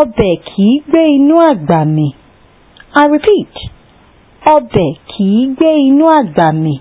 ọbẹ̀ kìí gbé inú àgbà mì. I repeat, ọbẹ̀ kìí gbé inú àgbà mì.